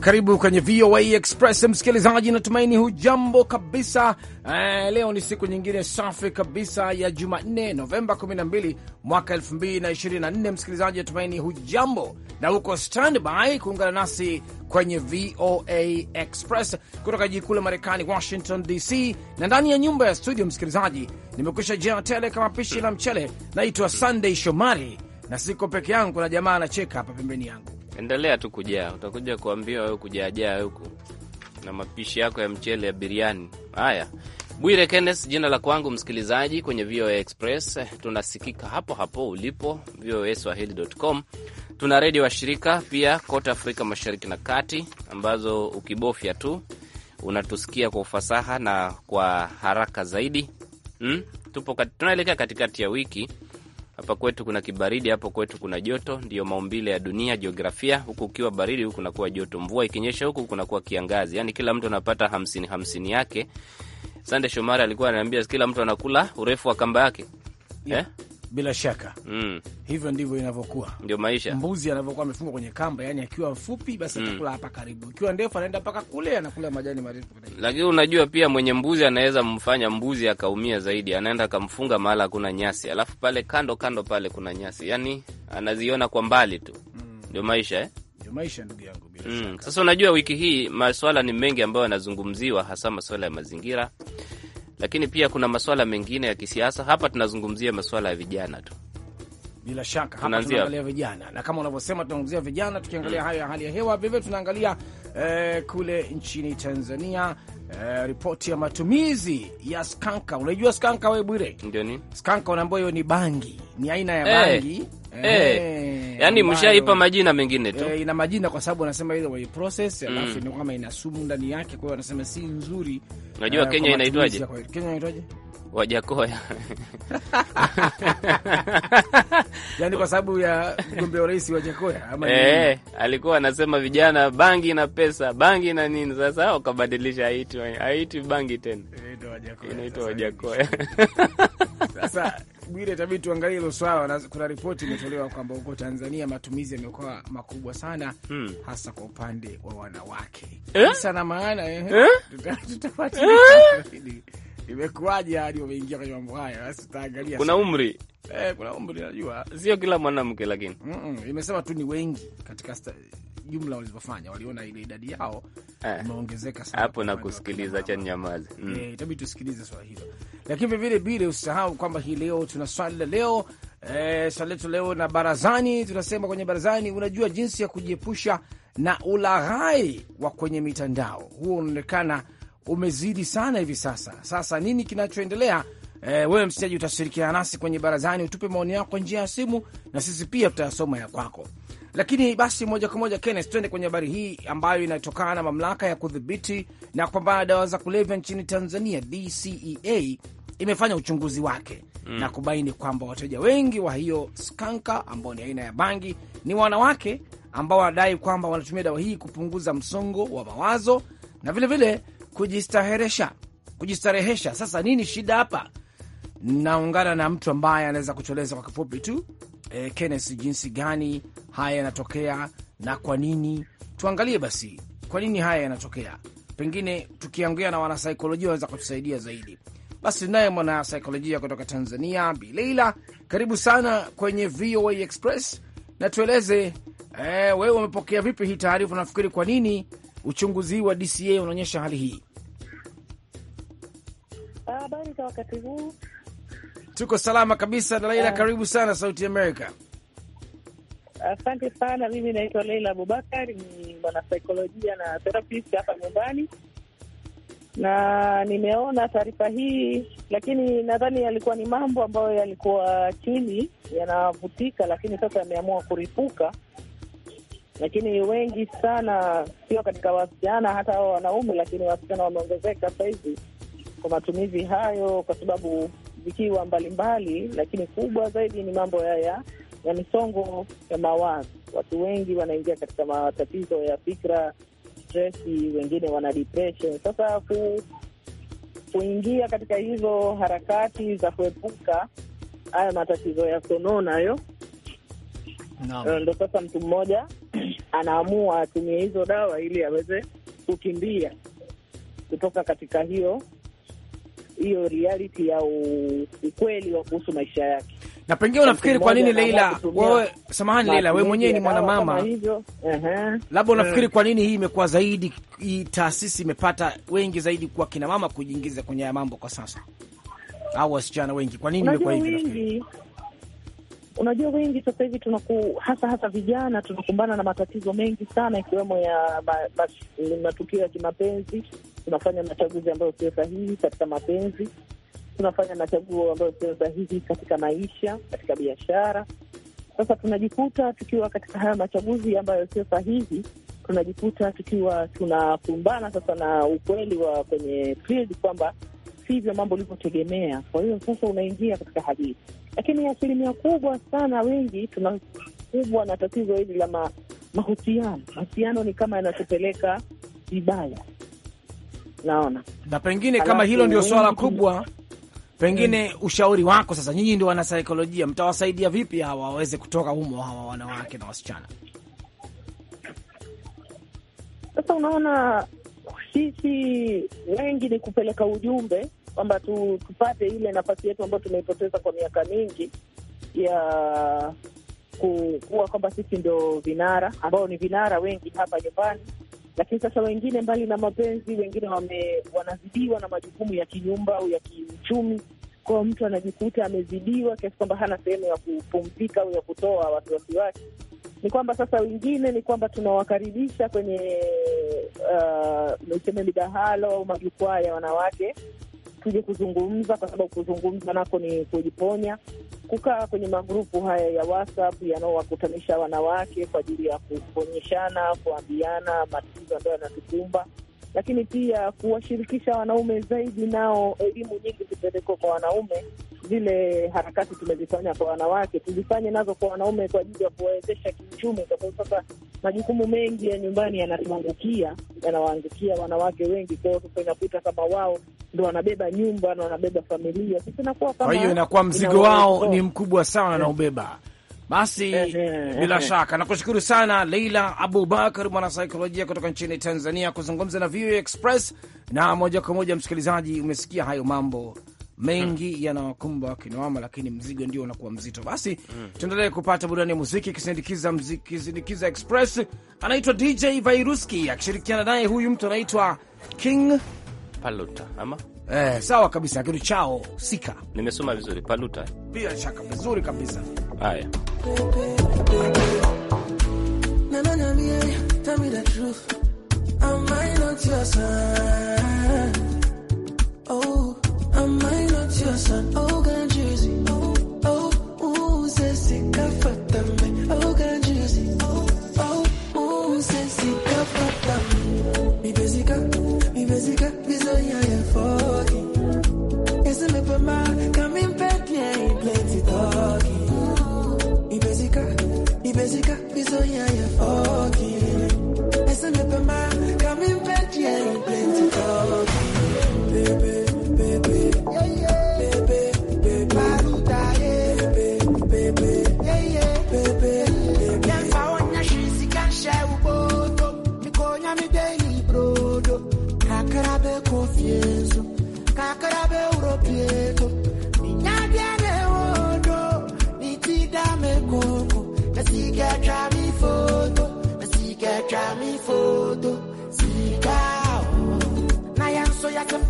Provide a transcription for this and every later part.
Karibu kwenye VOA Express msikilizaji, natumaini hujambo kabisa. Eh, leo ni siku nyingine safi kabisa ya Jumanne, Novemba 12 mwaka 2024. Msikilizaji, natumaini hujambo na uko standby kuungana nasi kwenye VOA Express kutoka jiji kuu la Marekani, Washington DC, na ndani ya nyumba ya studio. Msikilizaji, nimekwisha jaa tele kama pishi la mchele. Naitwa Sunday Shomari na siko peke yangu, kuna jamaa anacheka hapa pembeni yangu endelea tu kujaa, utakuja kuambiwa wewe kujaajaa huku na mapishi yako ya mchele ya biriani. Haya, Bwire Kennes jina la kwangu, msikilizaji kwenye VOA Express. Tunasikika hapo hapo ulipo VOA Swahili.com. Tuna redio washirika pia kote Afrika Mashariki na Kati, ambazo ukibofya tu unatusikia kwa ufasaha na kwa haraka zaidi. Hmm, tupo kat... tunaelekea katikati ya wiki hapa kwetu kuna kibaridi, hapo kwetu kuna joto. Ndiyo maumbile ya dunia, jiografia. Huku ukiwa baridi, huku kunakuwa joto. Mvua ikinyesha, huku kunakuwa kiangazi. Yani kila mtu anapata hamsini hamsini yake. Sande Shomari alikuwa ananiambia kila mtu anakula urefu wa kamba yake, yeah. eh? bila shaka mm. Hivyo ndivyo inavyokuwa, ndio maisha. Mbuzi anavyokuwa amefungwa kwenye kamba, yani akiwa mfupi basi mm. atakula mm. hapa karibu, ikiwa ndefu anaenda mpaka kule, anakula majani marefu. Lakini unajua pia mwenye mbuzi anaweza mfanya mbuzi akaumia zaidi, anaenda akamfunga mahala hakuna nyasi, alafu pale kando kando pale kuna nyasi, yani anaziona kwa mbali tu mm. Ndio maisha eh? Ndio maisha ndugu yangu, bila mm. shaka. Sasa unajua wiki hii maswala ni mengi ambayo yanazungumziwa, hasa maswala ya mazingira lakini pia kuna masuala mengine ya kisiasa. Hapa tunazungumzia masuala ya vijana tu. Bila shaka hapa tunaangalia vijana na kama unavyosema, tunaangazia vijana tukiangalia mm, hayo ya hali ya hewa vivyo, tunaangalia eh, kule nchini Tanzania eh, ripoti ya matumizi ya skanka. Unajua skanka we Bwire? Ndio ni skanka, unaambiwa hiyo ni bangi, ni aina ya eh, bangi hey. Eh. Hey. yani mshaipa majina mengine tu hey, eh, ina majina kwa sababu wanasema ile way process mm. alafu mm, ni kama ina sumu ndani yake, kwa hiyo wanasema si nzuri. Unajua uh, Kenya inaitwaje? Kenya inaitwaje? Wajakoya yani kwa sababu ya mgombea urais Wajakoya ama e, alikuwa anasema vijana bangi na pesa bangi na nini. Sasa wakabadilisha aiti aiti bangi tena inaitwa Wajakoya. Sasa Bwire, itabidi tuangalie hilo swala. Kuna ripoti imetolewa kwamba huko Tanzania matumizi yamekuwa makubwa sana hmm, hasa kwa upande wa wanawake eh? sana maana eh? eh? tutafuatilia eh? imekuwaje hadi umeingia kwenye mambo haya? Basi utaangalia, kuna umri eh, kuna umri najua, sio kila mwanamke lakini mm -mm, imesema tu ni wengi katika sta jumla walizofanya waliona ile idadi yao eh, imeongezeka sana hapo na kusikiliza cha nyamazi mm. E, itabidi tusikilize swala hilo, lakini vile vile usisahau kwamba hii leo tuna swali la leo e, swali letu leo na barazani, tunasema kwenye barazani, unajua jinsi ya kujiepusha na ulaghai wa kwenye mitandao. Huo unaonekana umezidi sana hivi sasa. Sasa nini kinachoendelea? E, wewe msikiaji utashirikiana nasi kwenye barazani, utupe maoni yako kwa njia ya simu na sisi pia tutayasoma ya kwako. Lakini basi moja kwa moja Kenneth, twende kwenye habari hii ambayo inatokana na mamlaka ya kudhibiti na kupambana na dawa za kulevya nchini Tanzania, DCEA imefanya uchunguzi wake mm, na kubaini kwamba wateja wengi wa hiyo skanka ambao ni aina ya bangi ni wanawake ambao wanadai kwamba wanatumia dawa hii kupunguza msongo wa mawazo na vilevile vile, kujistaheresha, kujistarehesha. Sasa nini shida hapa? Naungana na mtu ambaye anaweza kutueleza kwa kifupi tu e, Kenneth, jinsi gani haya yanatokea na kwa nini. Tuangalie basi kwa nini haya yanatokea, pengine tukiongea na wanasaikolojia wanaweza kutusaidia zaidi. Basi naye mwanasaikolojia kutoka Tanzania, Bileila, karibu sana kwenye VOA Express na tueleze e, wewe umepokea vipi hii taarifa? Nafikiri kwa nini uchunguzi wa DCA unaonyesha hali hii? habari za wakati huu? Tuko salama kabisa na Laila, ah. karibu sana Sauti Amerika. Asante sana. Mimi naitwa Leila Abubakar, ni mwanasaikolojia na therapist hapa nyumbani, na nimeona taarifa hii, lakini nadhani yalikuwa ni mambo ambayo yalikuwa chini yanavutika, lakini sasa yameamua kuripuka. Lakini wengi sana, sio katika wasichana, hata hao wanaume, lakini wasichana wameongezeka sahizi kwa matumizi hayo, kwa sababu vikiwa mbalimbali, lakini kubwa zaidi ni mambo haya ya misongo ya mawazo. Watu wengi wanaingia katika matatizo ya fikra, stresi, wengine wana depression. Sasa ku, kuingia katika hizo harakati za kuepuka haya matatizo ya sonona hayo, eh, ndo sasa mtu mmoja anaamua atumie hizo dawa ili aweze kukimbia kutoka katika hiyo hiyo reality ya ukweli wa kuhusu maisha yake. Na pengine unafikiri kwa nini Leila, wewe samahani Leila, wewe mwenyewe ni mwanamama, labda unafikiri eh. kwa nini hii imekuwa zaidi, hii taasisi imepata wengi zaidi kwa kina mama kujiingiza kwenye haya mambo kwa sasa, au wasichana wengi? Kwa nini imekuwa hivi? Unajua, wengi sasa hivi tunaku, hasa hasa vijana tunakumbana na matatizo mengi sana, ikiwemo ya matukio ya kimapenzi tunafanya machaguzi ambayo sio sahihi katika mapenzi, tunafanya machaguo ambayo sio sahihi katika maisha, katika biashara. Sasa tunajikuta tukiwa katika haya machaguzi ambayo sio sahihi, tunajikuta tukiwa tunakumbana sasa na ukweli wa kwenye field kwamba sivyo mambo ulivyotegemea. Kwa hiyo sasa unaingia katika hadithi, lakini asilimia kubwa sana wengi tunakubwa na tatizo hili la mahusiano. Mahusiano ni kama yanatupeleka vibaya naona na pengine kama hilo ndio swala kubwa pengine hmm. Ushauri wako sasa, nyinyi ndio wanasaikolojia, mtawasaidia vipi hawa waweze kutoka humo, hawa wanawake na wasichana? Sasa unaona, sisi wengi ni kupeleka ujumbe kwamba tu, tupate ile nafasi yetu ambayo tumeipoteza kwa miaka mingi ya kuwa kwamba sisi ndio vinara ambao ni vinara wengi hapa nyumbani lakini sasa wengine, mbali na mapenzi, wengine wame, wanazidiwa na majukumu ya kinyumba au ya kiuchumi. Kwa mtu anajikuta amezidiwa kiasi kwamba hana sehemu ya kupumzika au ya kutoa wasiwasi wake. Ni kwamba sasa wengine ni kwamba tunawakaribisha kwenye uh, niseme midahalo au majukwaa ya wanawake tuje kuzungumza, kwa sababu kuzungumza nako ni kujiponya. Kukaa kwenye magrupu haya ya WhatsApp yanaowakutanisha wanawake kwa ajili ya kuponyeshana, kuambiana matatizo ambayo yanatukumba lakini pia kuwashirikisha wanaume zaidi, nao elimu nyingi zipelekwa kwa wanaume. Zile harakati tumezifanya kwa wanawake, tuzifanye nazo kwa wanaume kwa ajili ya kuwawezesha kiuchumi, kwa sababu sasa majukumu mengi ya nyumbani yanatuangukia, yanawaangukia wanawake wengi kwao. Sasa inakuta kama wao ndo wanabeba nyumba na wanabeba familia. Sasa inakuwa kama, kwa hiyo inakuwa mzigo wao ni mkubwa sana ubeba Basi bila shaka nakushukuru sana Leila Abubakar, mwanasaikolojia kutoka nchini Tanzania, kuzungumza na VOA Express. Na moja kwa moja, msikilizaji, umesikia hayo mambo mengi hmm, yanawakumba wakinawama, lakini mzigo ndio unakuwa mzito. Basi hmm, tuendelee kupata burudani ya muziki kisindikiza mziki, kisindikiza Express. Anaitwa DJ Vairuski akishirikiana naye huyu mtu anaitwa King Paluta ama eh, sawa kabisa kitu chao sika. Nimesoma vizuri Paluta, bila shaka vizuri kabisa. Haya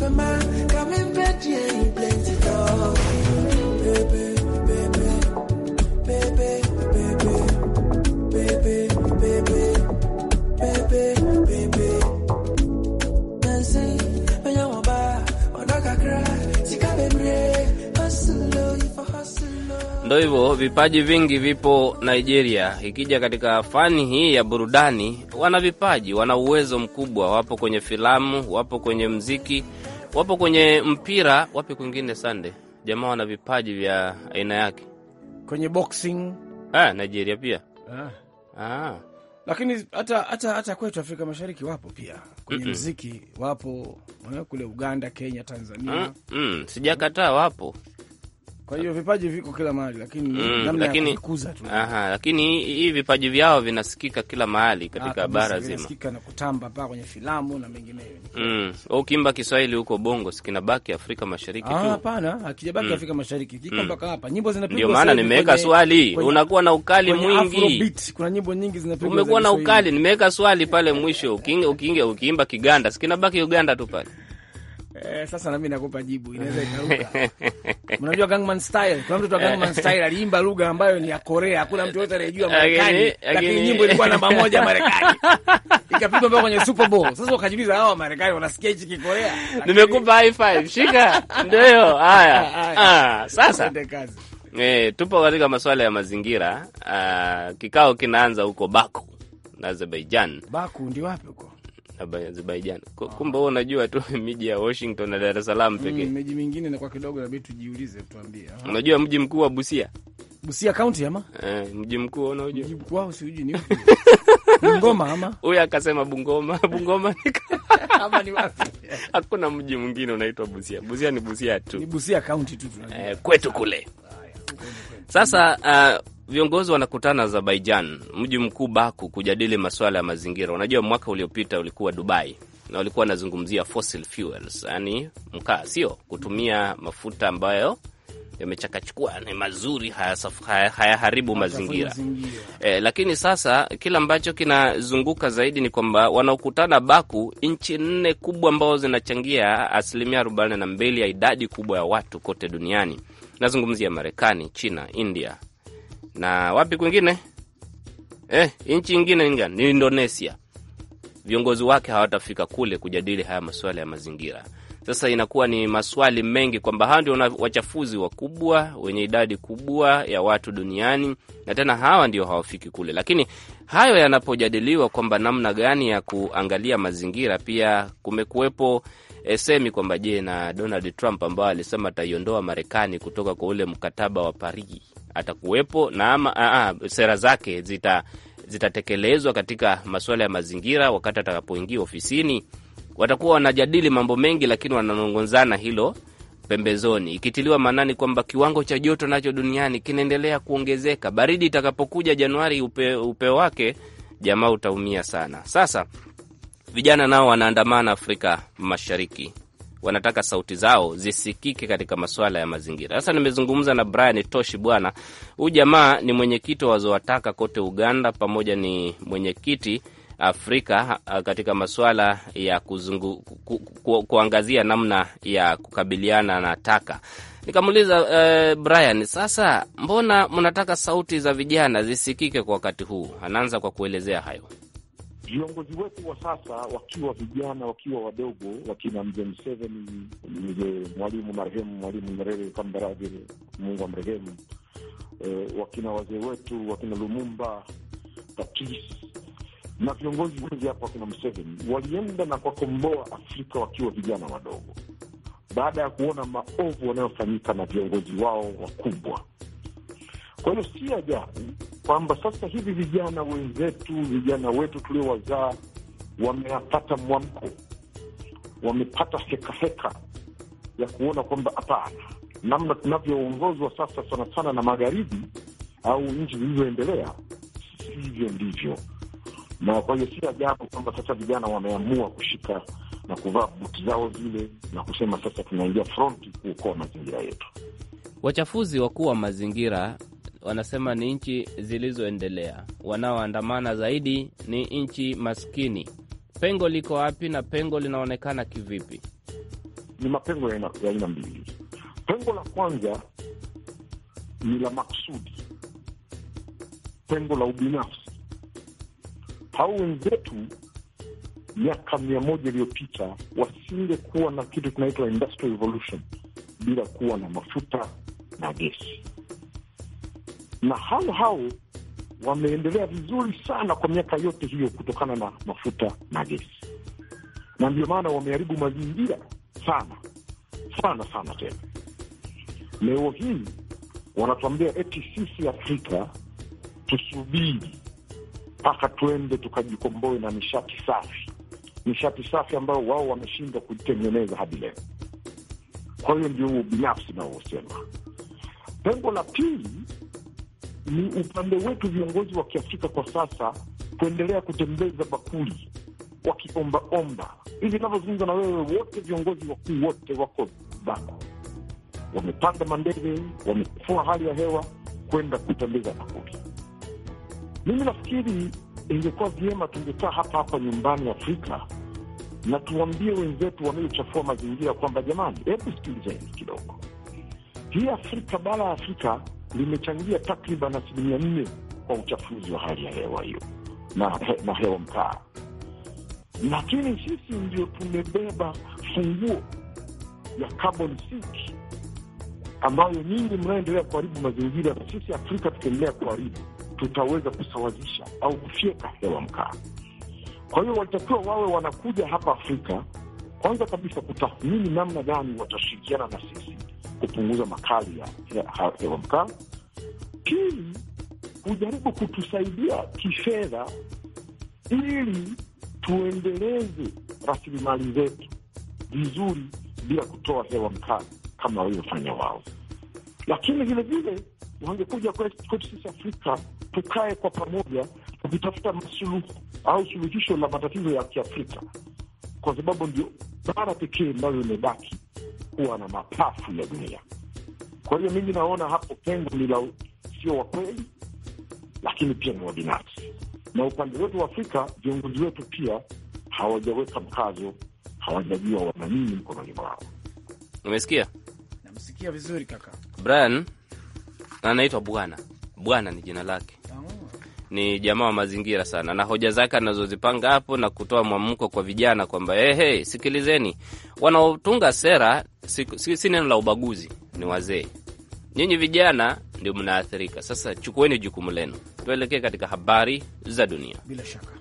Superman. Come in bed, yeah, you plenty. Ndo hivyo vipaji vingi vipo Nigeria. Ikija katika fani hii ya burudani, wana vipaji, wana uwezo mkubwa, wapo kwenye filamu, wapo kwenye mziki, wapo kwenye mpira, wapi kwingine? Sande, jamaa wana vipaji vya aina yake kwenye boxing. Ah, Nigeria pia ha. Ah. Ah. Ha. Lakini hata hata hata kwetu Afrika Mashariki wapo pia kwenye mm -mm. mziki wapo eh, kule Uganda, Kenya, Tanzania mm -mm. sijakataa wapo kwa hiyo vipaji viko kila mahali, lakini mm, namna ya kukuza tu. Aha, lakini hii vipaji vyao vinasikika kila mahali katika ah, bara zima, vinasikika na kutamba pa kwenye filamu na mengineyo. Mm, ukimba Kiswahili huko Bongo sikinabaki Afrika Mashariki ah, tu. Hapana, hakijabaki mm, Afrika Mashariki kiko mm, mpaka hapa nyimbo zinapigwa. Ndio maana nimeweka swali, kwenye, unakuwa na ukali mwingi Afrobeat, kuna nyimbo nyingi zinapigwa, umekuwa na ukali. Nimeweka swali pale mwisho, ukiinge ukiinge ukiimba Kiganda sikinabaki Uganda tu pale Eh, sasa nami nakupa jibu, inaweza ikaruka. Unajua Gangnam Style, kuna mtu wa Gangnam Style aliimba lugha ambayo ni ya Korea, hakuna mtu yote anayejua Marekani, lakini nyimbo ilikuwa namba moja Marekani, ikapigwa mpaka kwenye Super Bowl. Sasa ukajiuliza, hawa oh, Marekani wanasikia hichi Kikorea? Nimekupa high five, shika. Ndio hiyo. haya, ah, ah, ah. ah sasa eh, tupo katika masuala ya mazingira. Ah, kikao kinaanza huko Baku Azerbaijan. Baku ndio wapi huko? Azerbaijan. Ah. Kumbe wewe unajua tu miji ya Washington na Dar es Salaam mm, pekee. Mm, miji mingine kidogo tujiulize, tuambie. Ah. Unajua mji mkuu wa Busia? Busia County ama? Eh, mji mkuu unaojua. Mji mkuu wao siujui ni Bungoma ama? Huyu akasema Bungoma, Bungoma ama ni wapi? Hakuna mji mwingine unaitwa Busia. Busia ni Busia tu. Ni Busia County tu tunajua. Eh, kwetu kule. Sasa uh, viongozi wanakutana Azerbaijan, mji mkuu Baku, kujadili masuala ya mazingira. Unajua, mwaka uliopita ulikuwa Dubai na walikuwa wanazungumzia fossil fuels, yani mkaa, sio kutumia mafuta ambayo yamechakachukua ni mazuri, hayaharibu haya mazingira e. Lakini sasa kile ambacho kinazunguka zaidi ni kwamba wanaokutana Baku, nchi nne kubwa ambazo zinachangia asilimia arobaini na mbili ya idadi kubwa ya watu kote duniani, nazungumzia Marekani, China, India na wapi kwingine eh, nchi ingine ni Indonesia. Viongozi wake hawatafika kule kujadili haya masuala ya mazingira. Sasa inakuwa ni maswali mengi kwamba hawa ndio wachafuzi wakubwa wenye idadi kubwa ya watu duniani, na tena hawa ndio hawafiki kule. Lakini hayo yanapojadiliwa kwamba namna gani ya kuangalia mazingira, pia kumekuwepo eh, semi kwamba je, na Donald Trump ambayo alisema ataiondoa Marekani kutoka kwa ule mkataba wa Paris atakuwepo na ama, a, ah, a, ah, sera zake zita zitatekelezwa katika masuala ya mazingira. Wakati atakapoingia ofisini, watakuwa wanajadili mambo mengi, lakini wananong'onzana hilo pembezoni, ikitiliwa maanani kwamba kiwango cha joto nacho duniani kinaendelea kuongezeka. Baridi itakapokuja Januari, upe, upeo wake jamaa utaumia sana. Sasa vijana nao wanaandamana Afrika Mashariki wanataka sauti zao zisikike katika masuala ya mazingira. Sasa nimezungumza na Brian Toshi, bwana huyu jamaa ni mwenyekiti wa Wazowataka kote Uganda, pamoja ni mwenyekiti Afrika katika masuala ya kuzungu, ku, ku, kuangazia namna ya kukabiliana na taka. Nikamuuliza eh, Brian, sasa mbona mnataka sauti za vijana zisikike kwa wakati huu? Anaanza kwa kuelezea hayo. Viongozi wetu wa sasa wakiwa vijana, wakiwa wadogo, wakina mzee Mseveni, mzee mwalimu marehemu Mwalimu Nyerere Kambarage, Mungu amrehemu, e, wakina wazee wetu, wakina Lumumba, Tatis na viongozi wengi hapo, wakina Mseveni walienda na kuwakomboa Afrika wakiwa vijana wadogo, baada ya kuona maovu wanayofanyika na viongozi wao wakubwa. Kwa hiyo si ajabu kwamba sasa hivi vijana wenzetu, vijana wetu tuliowazaa wamepata mwamko, wamepata hekaheka ya kuona kwamba hapana, namna tunavyoongozwa sasa sana sana na magharibi au nchi zilizoendelea sivyo ndivyo. Na kwa hiyo si ajabu kwamba sasa vijana wameamua kushika na kuvaa buti zao zile na kusema sasa tunaingia fronti kuokoa mazingira yetu. Wachafuzi wakuu wa mazingira wanasema ni nchi zilizoendelea, wanaoandamana zaidi ni nchi maskini. Pengo liko wapi na pengo linaonekana kivipi? Ni mapengo ya aina mbili. Pengo la kwanza ni la maksudi pengo la ubinafsi. Hao wenzetu miaka mia moja iliyopita wasingekuwa na kitu kinaitwa industrial revolution bila kuwa na mafuta na gesi na hao hao wameendelea vizuri sana kwa miaka yote hiyo kutokana na mafuta na gesi, na ndio maana wameharibu mazingira sana sana sana. Tena leo hii wanatuambia eti sisi Afrika tusubiri mpaka tuende tukajikomboe na nishati safi, nishati safi ambayo wao wameshindwa kuitengeneza hadi leo. Kwa hiyo ndio huo binafsi naosema. Pengo la pili ni upande wetu viongozi wa Kiafrika kwa sasa kuendelea kutembeza bakuli wakiombaomba. Hivi inavyozungumza na wewe, wote viongozi wakuu wote wako Bako, wamepanda mandege, wamefua hali ya hewa kwenda kutembeza bakuli. Mimi nafikiri ingekuwa vyema tungekaa hapa hapa nyumbani Afrika na tuwambie wenzetu wanayochafua mazingira kwamba jamani, hebu sikilizeni kidogo, hii Afrika, bara ya Afrika limechangia takriban asilimia nne kwa uchafuzi wa hali ya hewa hiyo na, he, na hewa mkaa. Lakini sisi ndio tumebeba funguo ya carbon sink ambayo nyinyi mnaendelea kuharibu mazingira, na sisi Afrika tukiendelea kuharibu tutaweza kusawazisha au kufyeka hewa mkaa. Kwa hiyo walitakiwa wawe wanakuja hapa Afrika kwanza kabisa kutathmini namna gani watashirikiana na sisi kupunguza makali ya hewa mkaa. Pili, hujaribu kutusaidia kifedha ili tuendeleze rasilimali zetu vizuri bila kutoa hewa mkali kama walivyofanya wao. Lakini vilevile wangekuja kwetu sisi Afrika, tukae kwa pamoja tukitafuta masuluhu au suluhisho la matatizo ya Kiafrika, kwa sababu ndio bara pekee ambayo imebaki kuwa na mapafu ya dunia. Kwa hiyo mimi naona hapo pengo ni la sio wa kweli, lakini pia ni wa binafsi. Na upande wetu wa Afrika, viongozi wetu pia hawajaweka mkazo, hawajajua wana nini mkononi mwao. Umesikia? Namsikia vizuri kaka Brian, anaitwa Bwana Bwana, ni jina lake ni jamaa wa mazingira sana, na hoja zake anazozipanga hapo na kutoa mwamko kwa vijana kwamba hey, eh, hey, sikilizeni, wanaotunga sera si, si, si neno la ubaguzi, ni wazee. Nyinyi vijana ndio mnaathirika. Sasa chukueni jukumu lenu. Tuelekee katika habari za dunia. Bila shaka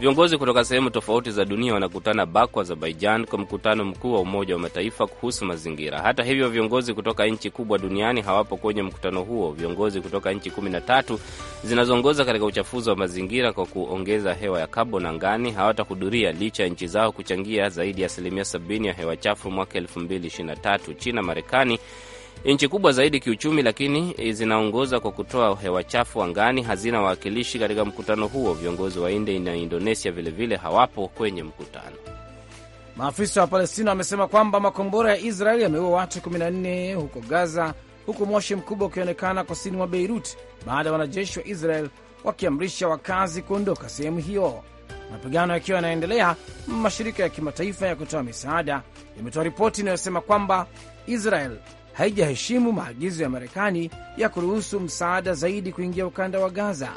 Viongozi kutoka sehemu tofauti za dunia wanakutana Baku, Azerbaijan, kwa mkutano mkuu wa Umoja wa Mataifa kuhusu mazingira. Hata hivyo, viongozi kutoka nchi kubwa duniani hawapo kwenye mkutano huo. Viongozi kutoka nchi kumi na tatu zinazoongoza katika uchafuzi wa mazingira kwa kuongeza hewa ya kaboni angani hawatahudhuria licha ya nchi zao kuchangia zaidi ya asilimia 70 ya hewa chafu mwaka 223 China, Marekani nchi kubwa zaidi kiuchumi, lakini eh, zinaongoza kwa kutoa hewa chafu angani, hazina wawakilishi katika mkutano huo. Viongozi wa India na Indonesia vilevile hawapo kwenye mkutano. Maafisa wa Palestina wamesema kwamba makombora ya Israeli yameua watu 14 huko Gaza, huku moshi mkubwa ukionekana kusini mwa Beirut baada ya wanajeshi wa Israel wakiamrisha wakazi kuondoka sehemu hiyo. Mapigano yakiwa yanaendelea, mashirika ya kimataifa ya kutoa misaada yametoa ripoti inayosema kwamba Israel haijaheshimu maagizo ya Marekani ya kuruhusu msaada zaidi kuingia ukanda wa Gaza.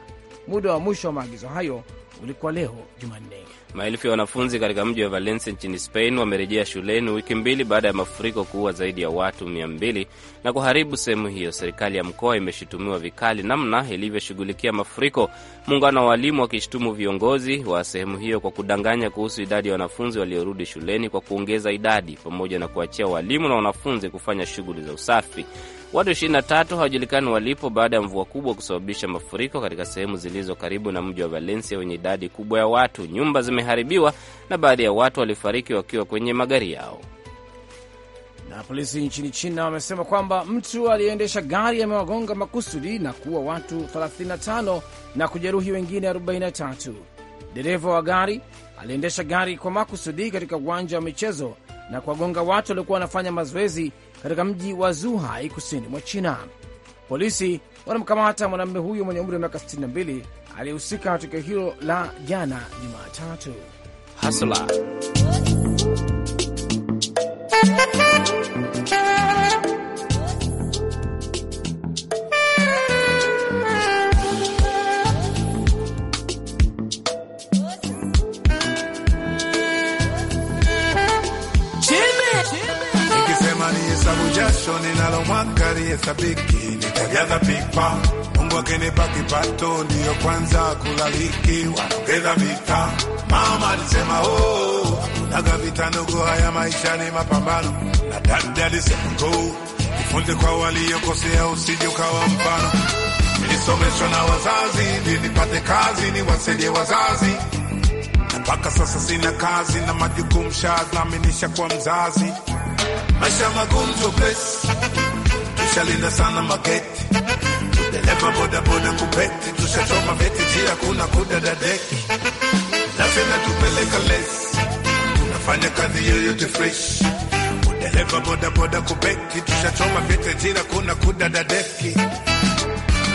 Muda wa mwisho wa maagizo hayo ulikuwa leo Jumanne. Maelfu ya wanafunzi katika mji wa Valencia nchini Spain wamerejea shuleni wiki mbili baada ya mafuriko kuua zaidi ya watu 200 na kuharibu sehemu hiyo. Serikali ya mkoa imeshutumiwa vikali namna ilivyoshughulikia mafuriko, muungano wa walimu wakishutumu viongozi wa sehemu hiyo kwa kudanganya kuhusu idadi ya wanafunzi waliorudi shuleni kwa kuongeza idadi, pamoja na kuachia walimu na wanafunzi kufanya shughuli za usafi. Watu 23 hawajulikani walipo baada ya mvua kubwa kusababisha mafuriko katika sehemu zilizo karibu na mji wa Valencia wenye idadi kubwa ya watu. Nyumba zimeharibiwa na baadhi ya watu walifariki wakiwa kwenye magari yao. Na polisi nchini China wamesema kwamba mtu aliyeendesha gari amewagonga makusudi na kuua watu 35 na kujeruhi wengine 43. Dereva wa gari aliendesha gari kwa makusudi katika uwanja wa michezo na kuwagonga watu waliokuwa wanafanya mazoezi katika mji wa Zuhai kusini mwa China. Polisi wanamkamata mwanamume huyo mwenye umri wa miaka 62 aliyehusika na tukio hilo la jana Jumatatu. Hasla na mwaka aliyesabiki nitajaza pipa. Mungu akinipa kipato ndiyo kwanza kulaliki, wanaongeza vita. Mama alisema oh, naga vita ndogo, haya maisha ni mapambano. Na dada alisema go, oh, jifunze kwa waliokosea, usije ukawa mfano. Nilisomeshwa na wazazi ili nipate kazi, niwasaidie wazazi mpaka sasa sina kazi na majukumu shadhaminisha kwa mzazi, maisha magumu Tushalinda sana mageti, udereva bodaboda kupeti, tushachoma veti, jia kuna kudadadeki, nafsi tupeleka lesi, tunafanya kazi yoyote fresh boda boda kupeti, tushachoma veti, njia kuna kudadadeki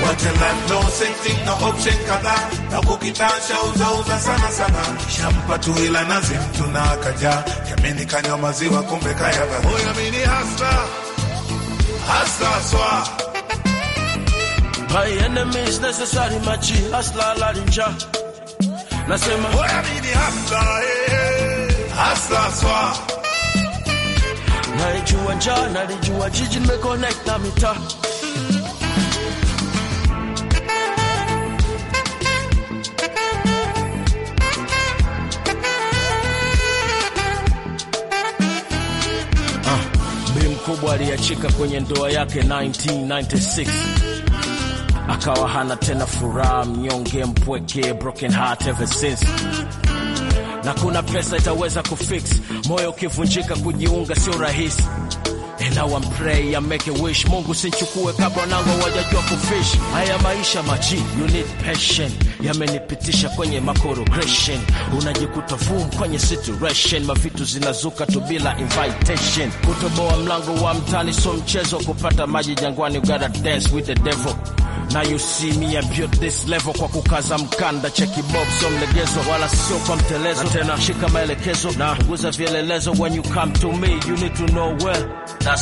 Wacha life no setting no option kada na kukitasha uza uza sana sana shampa tu ila nazi mtu na akaja jameni kanyo maziwa kumbe kaya hoyo mini hasta hustler swa. My enemy is necessary, machi hustler larinja. Nasema wewe ni hustler, eh, hustler swa. Naijua njaa, nalijua jiji, nimeconnect na mitaa mkubwa aliachika kwenye ndoa yake 1996 akawa hana tena furaha, mnyonge, mpweke, broken heart ever since na kuna pesa itaweza kufix moyo ukivunjika, kujiunga sio rahisi and now I'm pray I make a wish. Mungu sinchukue kabla nango wajajua kufish. Haya maisha maji, you need passion. Yamenipitisha kwenye makorogression, unajikuta fum kwenye situation, mavitu zinazuka tu bila invitation. Kutoboa mlango wa mtani so mchezo, kupata maji jangwani, you gotta dance with the devil. Now you see me I'm built this level kwa kukaza mkanda, cheki bob so mlegezo, wala sio kwa mtelezo tena, shika maelekezo na guza vielelezo. When you come to me you need to know well. That's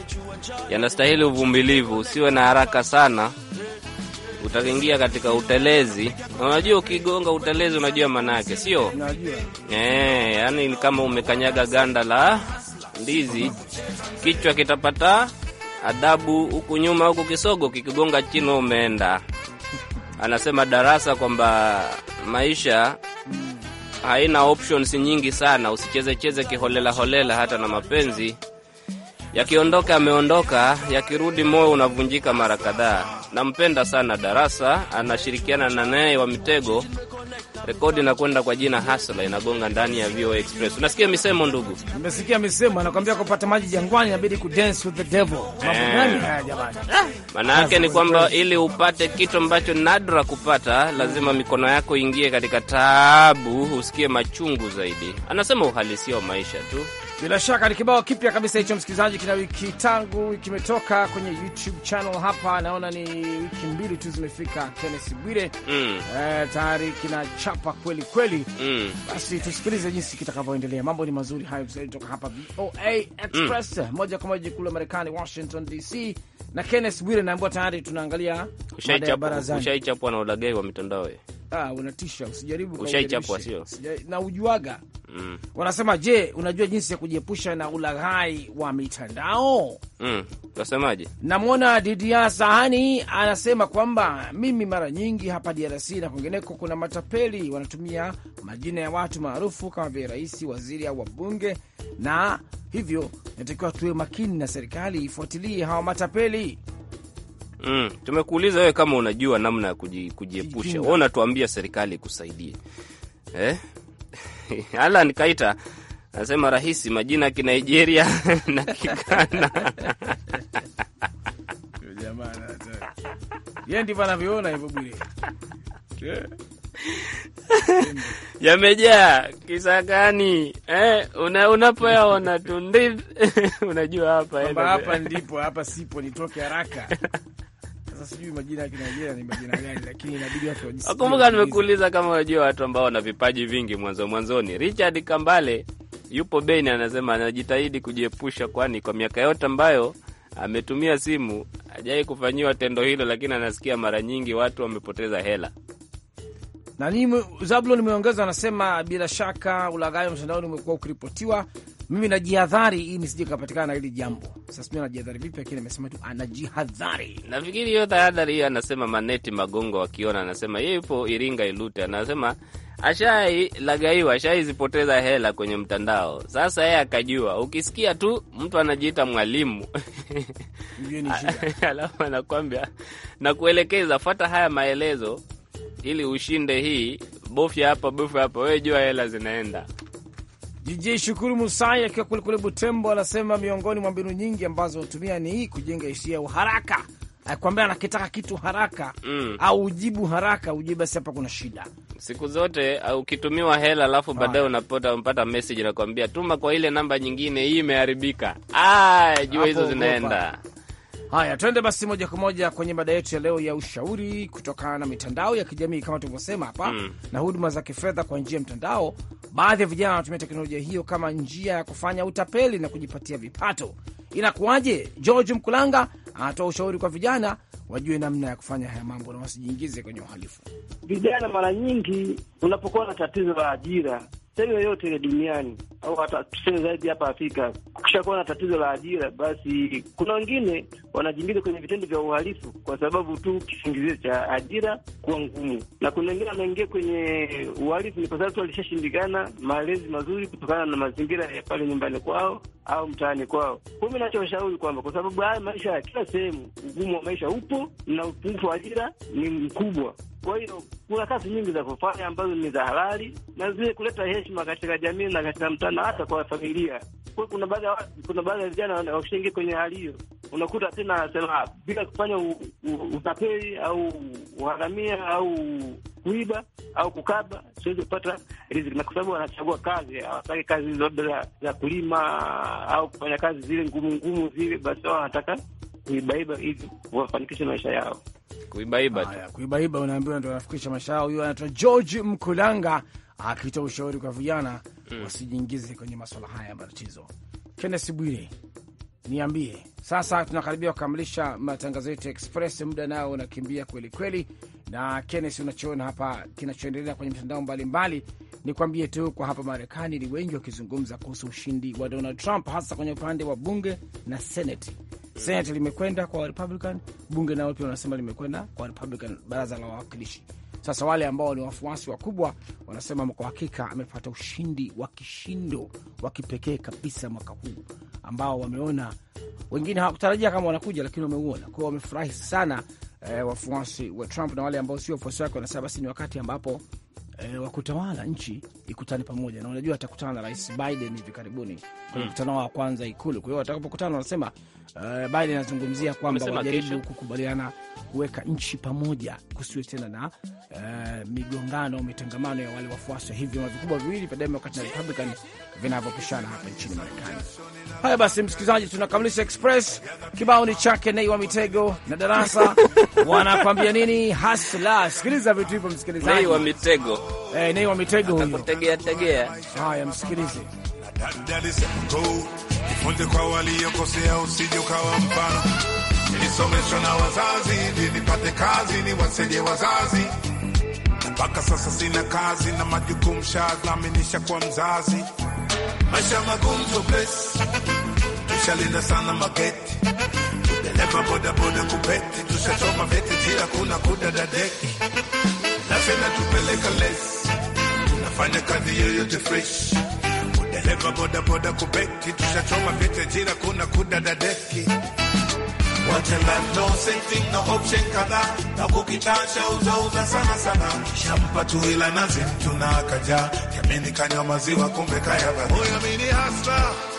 yanastahili uvumilivu. Usiwe na haraka sana, utaingia katika utelezi. Unajua, ukigonga utelezi, unajua maana yake, sio? eh, yani ni kama umekanyaga ganda la ndizi, kichwa kitapata adabu huku nyuma, huku kisogo kikigonga chini, umeenda. Anasema darasa kwamba maisha haina options nyingi sana, usichezecheze kiholela holela, hata na mapenzi Yakiondoka yameondoka, yakirudi moyo unavunjika mara kadhaa. Nampenda sana Darasa, anashirikiana na naye wa Mitego. Rekodi nakwenda kwa jina Hasla inagonga ndani ya VOA Express. Unasikia misemo ndugu, nimesikia misemo, anakwambia kupata maji jangwani inabidi ku dance with the devil. Mambo eh. gani haya jamani? Maana yake ni kwamba ili upate kitu ambacho nadra kupata, lazima mikono yako ingie katika taabu, usikie machungu zaidi. Anasema uhalisia wa maisha tu. Bila shaka ni kibao kipya kabisa hicho, msikilizaji, kina wiki tangu kimetoka kwenye YouTube channel hapa, naona ni wiki mbili tu zimefika. Kenneth Bwire mm. Eh, tayari kinachapa kweli kweli mm. Basi tusikilize jinsi kitakavyoendelea. Mambo ni mazuri hayo, kutoka hapa VOA Express mm. moja kwa moja kule Marekani, Washington DC, na Kenneth Bwire naambiwa tayari tunaangalia mada Ushaichapwa na ulagai wa mitandao Ah, unatisha, usijaribu. Ushaichapwa sio? Na ujuaga mm. Wanasema je, unajua jinsi ya kujiepusha na ulaghai wa mitandao? Mm. Unasemaje? Namwona Didia Sahani anasema kwamba mimi mara nyingi hapa DRC na kwingineko kuna matapeli wanatumia majina ya watu maarufu kama vile rais, waziri au wabunge, na hivyo natakiwa tuwe makini na serikali ifuatilie hawa matapeli. Mm. Tumekuuliza wewe kama unajua namna ya kujiepusha, wewe unatuambia serikali ikusaidie eh? Alan Kaita anasema rahisi, majina ya Kinigeria na Kikana yamejaa kisa gani eh? una, unapoyaona tu unajua hapa hapa ndipo hapa sipo, nitoke haraka sasa sijui majina ya Kinigeria ni majina gani, lakini inabidi watu wajisikie. Nakumbuka nimekuuliza kama unajua watu ambao wana vipaji vingi mwanzo mwanzoni. Richard Kambale yupo Beni, anasema anajitahidi kujiepusha, kwani kwa miaka yote ambayo ametumia simu hajai kufanyiwa tendo hilo, lakini anasikia mara nyingi watu wamepoteza hela. Nani Zablon nimeongeza, anasema bila shaka ulaghai wa mtandaoni umekuwa ukiripotiwa mimi najihadhari ili nisije kapatikana na hili jambo. Sasa mimi najihadhari vipi? Lakini amesema tu anajihadhari. Nafikiri hiyo tahadhari hiyo, anasema Maneti Magongo akiona, anasema yeye yupo Iringa Ilute, anasema ashai lagaiwa, ashai zipoteza hela kwenye mtandao. Sasa yeye akajua, ukisikia tu mtu anajiita mwalimu alafu anakwambia na kuelekeza, fata haya maelezo ili ushinde hii, bofya hapa, bofya hapa, wewe jua hela zinaenda DJ Shukuru Musai akiwa kulikule Butembo anasema miongoni mwa mbinu nyingi ambazo hutumia ni hii kujenga hisia ya uharaka, akwambia eh, anakitaka kitu haraka mm, au ujibu haraka ujibu, basi hapa kuna shida siku zote. Eh, ukitumiwa hela alafu baadaye unapata umpata message nakwambia tuma kwa ile namba nyingine, hii imeharibika. Ah, jua hizo zinaenda Haya, tuende basi moja kwa moja kwenye mada yetu ya leo ya ushauri kutokana na mitandao ya kijamii kama tulivyosema hapa mm, na huduma za kifedha kwa njia ya mtandao. Baadhi ya vijana wanatumia teknolojia hiyo kama njia ya kufanya utapeli na kujipatia vipato. Inakuwaje? George Mkulanga anatoa ushauri kwa vijana wajue namna ya kufanya haya mambo na wasijiingize kwenye uhalifu. Vijana mara nyingi unapokuwa na tatizo la ajira, sehemu yoyote ile duniani au hata tuseme zaidi hapa Afrika, ukishakuwa na tatizo la ajira, basi kuna wengine wanajingiza kwenye vitendo vya uhalifu kwa sababu tu kisingizio cha ajira kuwa ngumu, na kuna wengine wanaingia kwenye uhalifu ni kwa sababu tu walishashindikana malezi mazuri kutokana na mazingira ya pale nyumbani kwao au mtaani kwao. Kumi nachoshauri kwamba kwa sababu haya maisha ya kila sehemu, ugumu wa maisha upo na upungufu wa ajira ni mkubwa, kwa hiyo kuna kazi nyingi za kufanya ambazo ni za halali na zile kuleta heshima katika jamii na katika mtana, hata kwa familia. Kwa kuna baadhi ya kuna baadhi ya vijana wakishaingia kwenye hali hiyo, unakuta tena sema ah, bila kufanya utapeli au uharamia au kuiba au kukaba, siwezi kupata riziki, na kwa sababu wanachagua kazi, hawataki kazi labda za kulima au kufanya kazi zile ngumu ngumu zile, basi wanataka kuibaiba hivi wafanikishe maisha yao. Kuibaiba tu, kuibaiba unaambiwa ndio wanafikisha maisha yao. Huyo anaitwa George Mkulanga akitoa ushauri kwa vijana mm, wasijiingize kwenye masuala haya ya matatizo. Kenneth Bwire, niambie sasa, tunakaribia kukamilisha matangazo yetu ya Express, muda nao unakimbia kweli kweli. Na Kenneth, unachoona hapa kinachoendelea kwenye mitandao mbalimbali, nikuambie tu kwa hapa Marekani ni wengi wakizungumza kuhusu ushindi wa Donald Trump, hasa kwenye upande wa bunge na seneti Senate limekwenda kwa Republican, bunge nao pia wanasema limekwenda kwa Republican, baraza la wawakilishi. Sasa wale ambao ni wafuasi wakubwa wanasema kwa hakika amepata ushindi wa kishindo wa kipekee kabisa mwaka huu ambao wameona wengine hawakutarajia kama wanakuja, lakini wameuona. kwao wamefurahi sana eh, wafuasi wa Trump na wale ambao sio wafuasi wake wanasema basi ni wakati ambapo e, eh, wa kutawala nchi ikutane pamoja, na unajua atakutana na Rais Biden hivi karibuni kwenye hmm. mkutano wao wa kwanza Ikulu. Kwa hiyo watakapokutana, wanasema uh, Biden anazungumzia kwamba wajaribu kukubaliana kuweka nchi pamoja, kusiwe tena na uh, migongano au mitangamano ya wale wafuasi wa hivi vyama vikubwa viwili vya Democrat na Republican vinavyopishana hapa nchini Marekani. Haya basi, msikilizaji, tunakamilisha Express. Kibao ni chake Nei wa Mitego na Darasa wanakwambia nini hasla. Sikiliza vitu hivyo, msikilizaji wa Mitego. Eh, Nay wa Mitego huyo. Tegea tegea. Haya, msikilize. Jifunze kwa waliokosea usije ukawa mfano. Nilisomeshwa na wazazi ili nipate kazi ni wasaidie wazazi. Mpaka sasa sina kazi na majukumu shadhaminisha kwa mzazi. Maisha magumu so bless. Tushalinda sana mageti. Dereva boda boda kupeti. Tushachoma vete tila kuna dadeki Napenda tupeleka less, tunafanya kazi yoyote fresh. udeleva boda boda kubeki, tushachoma vete jira, kuna kudadadeki. Wataland no saving no option kada na kukitasha uza uza sana sana shampa tu ila nazi tuna kaja jamini kanywa maziwa kumbe kaya bada. Oya mini